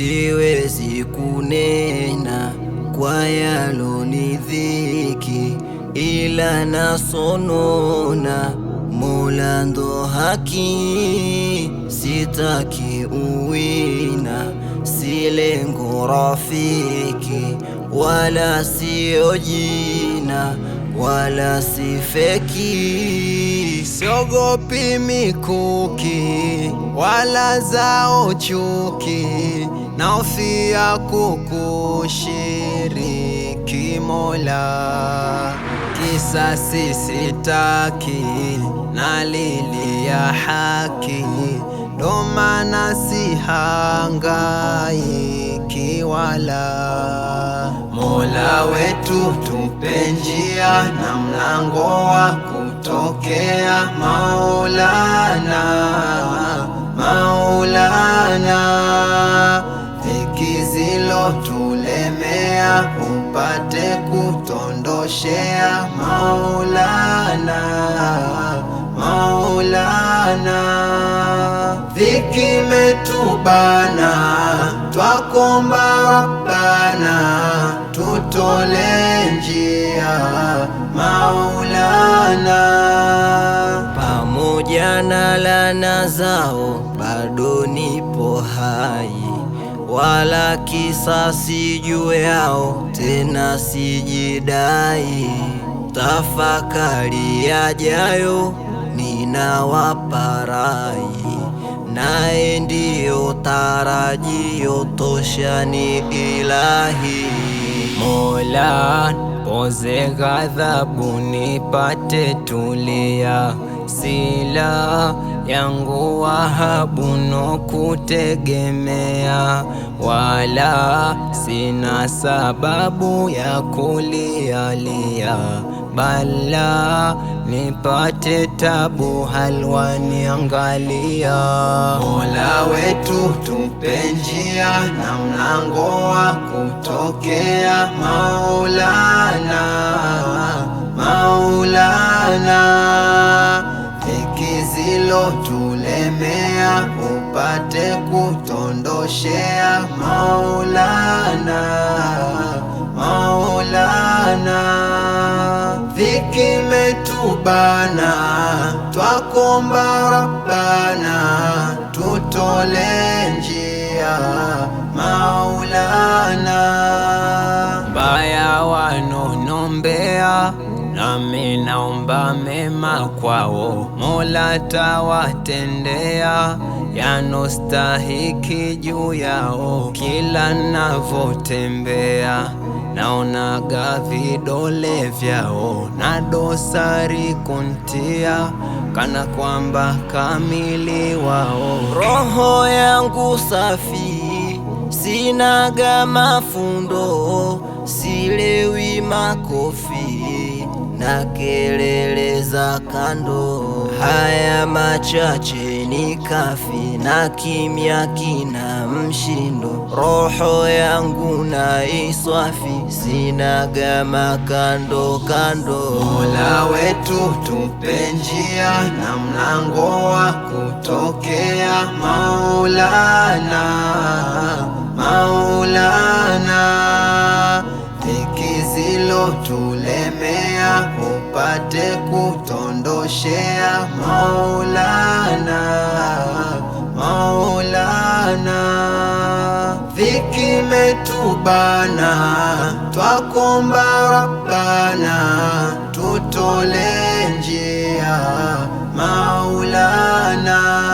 siwezi kunena kwa yalonidhiki, ila nasonona Mola ndo haki, sitaki uwina, silengo rafiki wala sio jina wala sifeki, siogopi mikuki wala zao chuki, naofia kukushiriki Mola, kisasi sitaki nalilia haki, ndo maana sihangaiki wala Mola wetu, tupe njia na mlango wa kutokea. Maulana, Maulana, dhiki tulemea upate kutondoshea. Maulana, Maulana imetubana, twakomba Bana tutole njia Maulana. Pamoja na lana zao bado nipo hai, wala kisasi juu yao tena sijidai. Tafakari yajayo ninawaparai naye ndiyo tarajio tosha, ni ilahi Mola, poze ghadhabu nipate tulia sila yangu Wahabu nokutegemea, wala sina sababu ya kulialia, bala nipate tabu halwaniangalia. Mola wetu tupe njia na mlango wa kutokea, Maulana Maulana lilotulemea upate kutondoshea, Maulana, Maulana, dhiki metubana, twakomba Rabbana, tutole njia, Maulana, baya wanonombea, nami naomba wema kwao, Mola tawatendea yanostahiki juu yao. Kila navotembea naonaga vidole vyao na dosari kuntia kana kwamba kamili wao. Roho yangu safi sinaga mafundo silewi makofi na kelele za kando. Haya machache ni kafi na kimya kina mshindo. Roho yangu na iswafi, sinagama kando kando. Mola wetu tupe njia na mlango wa kutokea, Maulana Maulana. uliotulemea upate kutondoshea Maulana, Maulana, dhiki metubana twakomba Rabbana, tutole njia Maulana